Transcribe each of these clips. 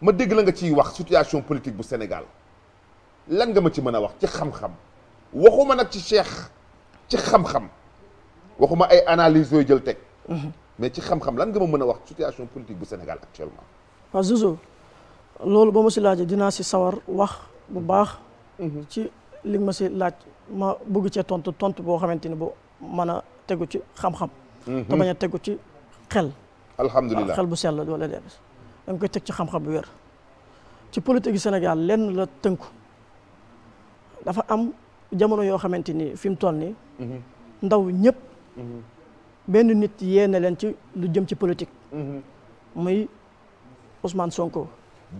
ma dégg la nga ciy wax situation politique bu Sénégal lan nga ma ci mën a wax ci xam-xam waxuma nag ci Cheikh ci xam-xam waxuma ay analyse yooyu jël teg mhm. mais ci xam-xam lan nga ma mën a wax situation politique bu Sénégal actuellement waaw Zouzou loolu ba ma si laajee dinaa si sawar wax bu baax mhm. ci li ma si laaj ma bëgg cee tontu tontu boo xamante ni bu mën a tegu ci xam-xam mhm. te bañ a tegu ci xel alhamdulilah xel bu sell wala dee da nga koy teg ci xam-xam bu wér ci politique yu Sénégal lenn la tënku dafa am jamono yoo xamante ni fi mu toll nii. Mhm. ndaw ñëpp. Mhm. benn nit yéene leen ci lu jëm ci politique. Mhm. muy Ousmane Sonko.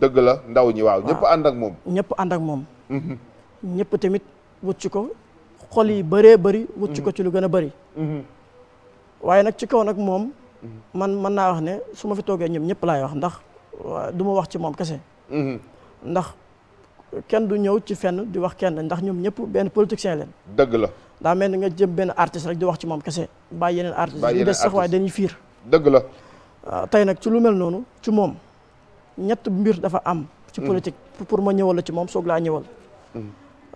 dëgg la ndaw ñi waaw ñëpp ànd ak moom. ñëpp ànd ak moom. tamit wut ci ko xol yi bëree bari wut ci ko ci lu gën a bëri. waaye nag ci kaw nag moom. man mën naa wax ne su ma fi toogee ñoom ñëpp laay wax ndax. du ma wax ci moom kese. Mm-hmm. ndax kenn du ñëw ci fenn di wax kenn ndax ñoom ñëpp benn politicien leen. dëgg la daa mel ni nga jëm benn artiste rek di wax ci moom kese bàyyi yeneen artiste yu des sax waaye dañuy fiir. dëgg la. Ah, tey nag ci lu mel noonu ci moom ñett mbir dafa am. ci mm-hmm. politique pour ma ñëwal la ci moom soog laa ñëwal. Mm-hmm.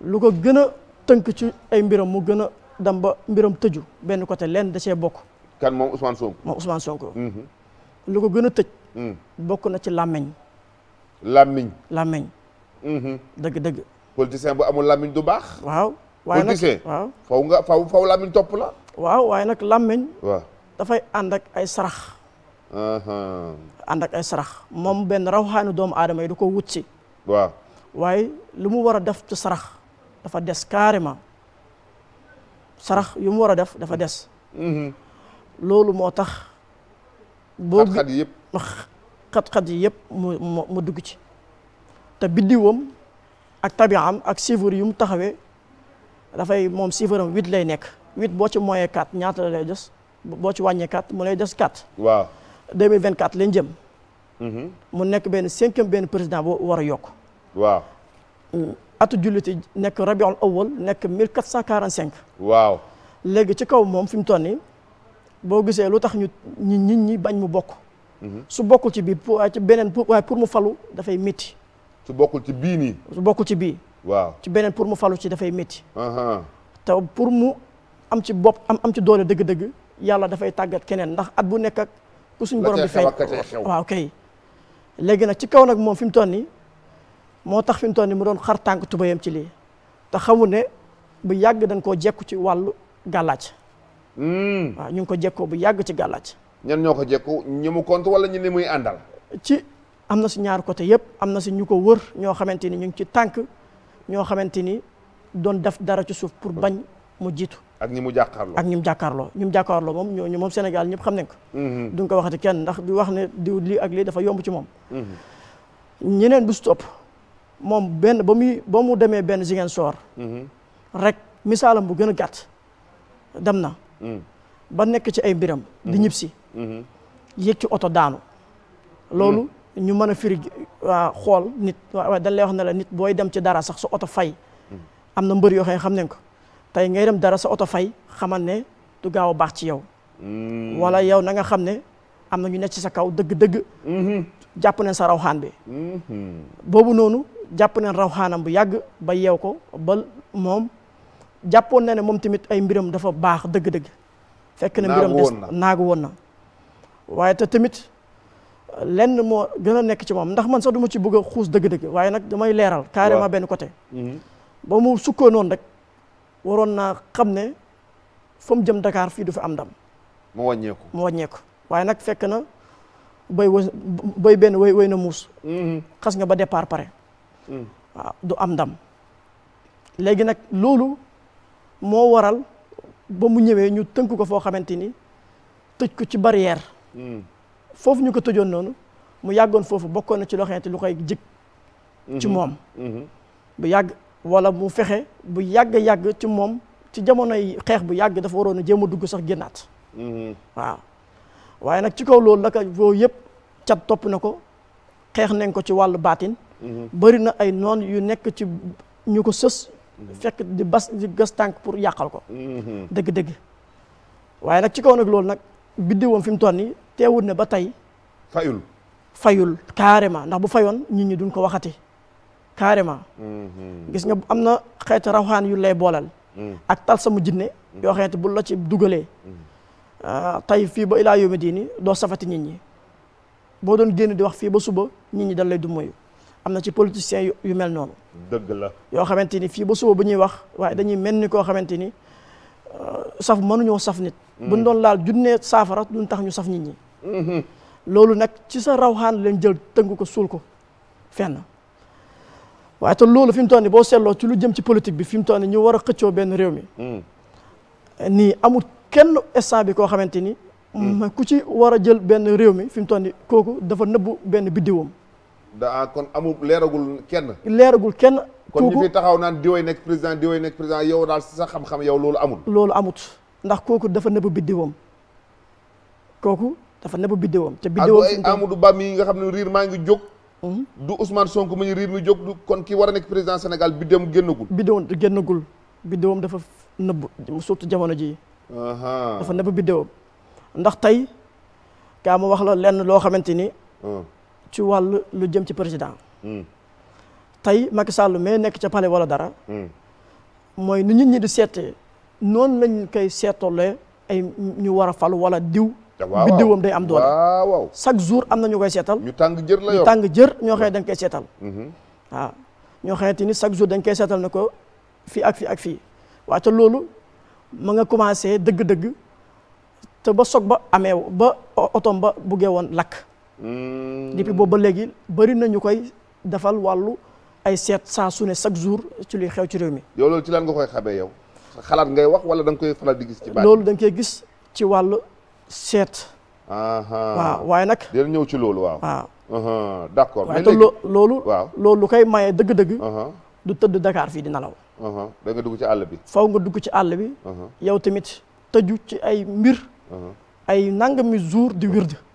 lu ko gën a tënk ci ay mbiram mu gën a dem ba mbiram tëju benn côté lenn da see bokk. kan moom Ousmane Sonko. lu ko gën tëj. bokk na ci làmmiñ làmmiñ làmmiñ mhm. dëgg dëgg politicien bu amul làmmiñ du baax waaw waaye nag politicien waaw faw nga faw faw làmmiñ topp la waaw waaye nag làmmiñ dafay ànd ak ay sarax ànd ak ay sarax moom benn rawxaanu doomu aadama yi du ko wut si waaw waaye lu mu war a def ci sarax dafa des carrément sarax yu mu war a def dafa des mhm. loolu moo tax boo xat yëpp xat-xat yi yëpp mu mu dugg ci te biddiwam ak tabiam ak chiffre yu mu taxawee dafay moom chiffre am lay nekk huit boo ci moyen quatre ñaata la lay des boo ci wàññee quatre mu lay des quatre. waaw deux mille vingt quatre lañ jëm. Mm-hmm. mu nekk benn cinquième benn président boo war a yokk. waaw. atu julliti nekk rabiul awal nekk mille quatre cent quarante cinq. waaw léegi ci kaw moom fi mu toll nii boo gisee lu tax ñu nit ñi bañ mu bokk. su bokkul ci bii pour ci beneen pour waaye pour mu falu dafay métti. su bokkul ci bii nii. su bokkul ci bii. waaw ci beneen pour mu falu ci dafay métti. te pour mu am ci bopp am am ci doole dëgg-dëgg yàlla dafay tàggat keneen ndax at bu nekk ak. ku suñ borom bi fay waaw kay. léegi nag ci kaw nag moom fi mu toll nii moo tax fi mu toll nii mu doon xar tànk tubayam ci lii te xamu ne bu yàgg dañ koo jekku ci wàllu gàllaaj. Hmm. waaw ñu ngi ko jekkoo bu yàgg ci gàllaaj. ñan ñoo ko jekku ñi mu compte wala ñi muy àndal. ci am na si ñaar côté yëpp am na si ñu ko wër ñoo xamante ni ñu ngi ci tànk ñoo xamante ni doon def dara ci suuf pour bañ mu jiitu. ak ñi mu jàkkaarloo ak ñi mu jàkkaarloo ñi mu jàkkaarloo moom ñooñu moom Sénégal ñëpp xam nañ ko. nga mm-hmm. ko waxati kenn ndax di wax ne di lii ak lii dafa yomb ci moom. Mm-hmm. ñeneen bu si topp moom benn ba muy ba mu demee benn Ziguinchor. Mm-hmm. rek misaalam bu gën a gàtt dem na. Mm. ba nekk ci ay mbiram. di ñibsi. yéeg oto daanu loolu ñu mën a firi xool nit waaye dañ lay ne la nit booy dem ci dara sax sa oto fay am na mbër yoo xam ne xam ko tey ngay dem dara sa oto fay xamal ne du gaaw a baax ci yow wala yow na nga xam ne am na ñu nekk ci sa kaw dëgg-dëgg jàpp nañ sa rawxaan bi boobu noonu jàpp nañ rawxaanam bu yàgg ba yeew ko ba moom jàppoon na ne moom tamit ay mbiram dafa baax dëgg-dëgg fekk na mbiram des naagu woon na waaye te tamit lenn moo gën a nekk ci moom ndax man sax du ma ci bëgg a xuus dëgg-dëgg waaye nag damay leeral carrément benn côté mhm. ba mu sukkoo noonu rek waroon naa xam ne fa jëm Dakar fii du fi am ndam mu wàññeeku mu waaye nag fekk na bay benn way way na muus mhm. xas nga ba départ pare mhm. waaw du am ndam léegi nag loolu moo waral ba mu ñëwee ñu tënk ko foo xamante ni tëj ko ci barrière foofu ñu ko tëjoon noonu mu yàggoon foofu bokkoon na ci loo xamante lu koy jig ci mhm. moom mhm. bu yàgg wala mu fexe bu yàgg-yàgg ci moom ci jamonoy xeex bu yàgg dafa waroon a jéem a dugg sax génnaat mhm. waaw waaye nag ci kaw loolu la ko boobu yëpp cat topp na ko xeex nañ ko ci wàllu baatin bëri na ay noon yu nekk ci ñu ko sës fekk di bas di tànk pour yàqal ko dëgg-dëgg waaye nag ci kaw nag loolu nag biddiwoom fi mu toll nii teewul ne ba tey. fayul. fayul carrément ndax bu fayoon nit ñi duñ ko waxati carrément. Mm-hmm. gis nga am na xeet rawxaan yu lay boolal. Mm. ak tal sama jinne yoo xeet bu la ci dugalee. Mm. Ah, tey fii ba ilaa yawmi diini doo safati nit ñi boo doon génn di wax fii ba suba nit ñi dal lay dummoyu am na ci politiciens yu mel noonu. dëgg la yoo xamante ni fii ba suba ba ñuy wax waaye dañuy mel ni koo xamante ni. Euh, saf mënuñoo saf nit buñ doon laal junnee saafara duñ tax ñu saf nit ñi loolu nag ci sa raw rawxaan leen jël tënk ko suul ko fenn waaye loolu fi mu toll nii boo seetloo ci lu jëm ci politique bi fi mu toll nii ñu war a xëccoo benn réew mi mm. nii amut kenn instant bi koo xamante ni mm. ku ci war a jël benn réew mi fi mu toll nii kooku dafa nëbbu benn biddiwam daa kon amul leeragul kenn kon ñu fi taxaw naan diwoy nekk président diwoy nekk président yow daal si sa xam-xam yow loolu amut loolu amut ndax kooku dafa nëbb biddiwam kooku dafa nëbb biddiwam te biddiwam ay Amadou Ba mi nga xam ne riir maa ngi jóg hmm? du Ousmane Sonko mu ñu riir mi jóg kon ki war a nekk président Sénégal biddiwam génnagul biddiwam génnagul biddiwam dafa nëbb surtout jamono jii dafa nëbb biddiwam ndax tey kaa ma wax la lenn loo xamante ni hmm. ci wàllu lu jëm ci président hmm. tey Macky Sall mais nekk ca palais wala dara. Hmm. mooy nu nit ñi di seetee noonu lañ koy seetoolee ay ñu war a fal wala diw. waaw biddiwam day am doole. waaw chaque jour am na ñu koy seetal. ñu tàng jër la yor ñu tàng jër ñoo xam hmm. ne dañ koy seetal. Hmm. waaw ñoo xamante ni chaque jour dañ koy seetal ne ko fii ak fii ak fii waaye te loolu ma nga commencé dëgg-dëgg te ba sog ba amee ba otoom ba buggee woon lakk. depuis boobu ba léegi bëri nañu koy defal wàllu. ay seet saa sune ne chaque jour ci luy xew ci réew mi. yow loolu ci lan nga koy xamee yow xalaat ngay wax wala danga koy faral di gis. ci baax loolu nga koy gis ci wàllu seet. waaw waaye nag. dina ñëw ci loolu waaw. waaw d'accord mais léegi loolu. waaw loolu koy maye dëgg-dëgg. du tëdd Dakar fii di nalaw. da nga dugg ci àll bi. faw nga dugg ci àll bi. yow tamit tëju ci ay mbir. ay nangami jour di wird.